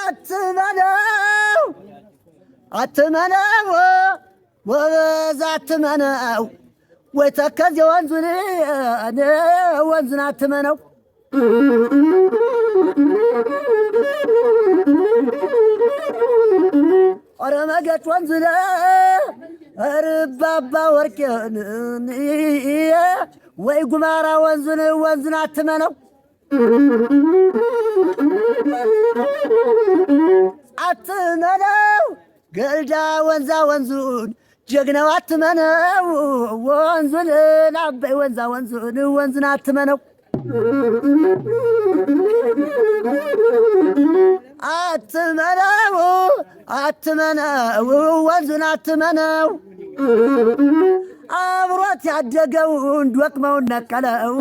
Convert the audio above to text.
አትመነው አትመነው ጎበዝ አትመነው ወይ ተከዝ የወንዙን ወንዙን አትመነው ኦረመገጭ ወንዙን ርባባ ወርቄን ወይ ጉማራ ወንዙን ወንዙን አትመነው አትመነው ገልዳ ወንዛ ወንዙን ጀግናው አትመነው ወንዙን አባይ ወንዛ ወንዙን ወንዙን አትመነው አትመነው አትመነው ወንዙን አትመነው በእሳት ያደገውን ዶቅመውን ነቀለው።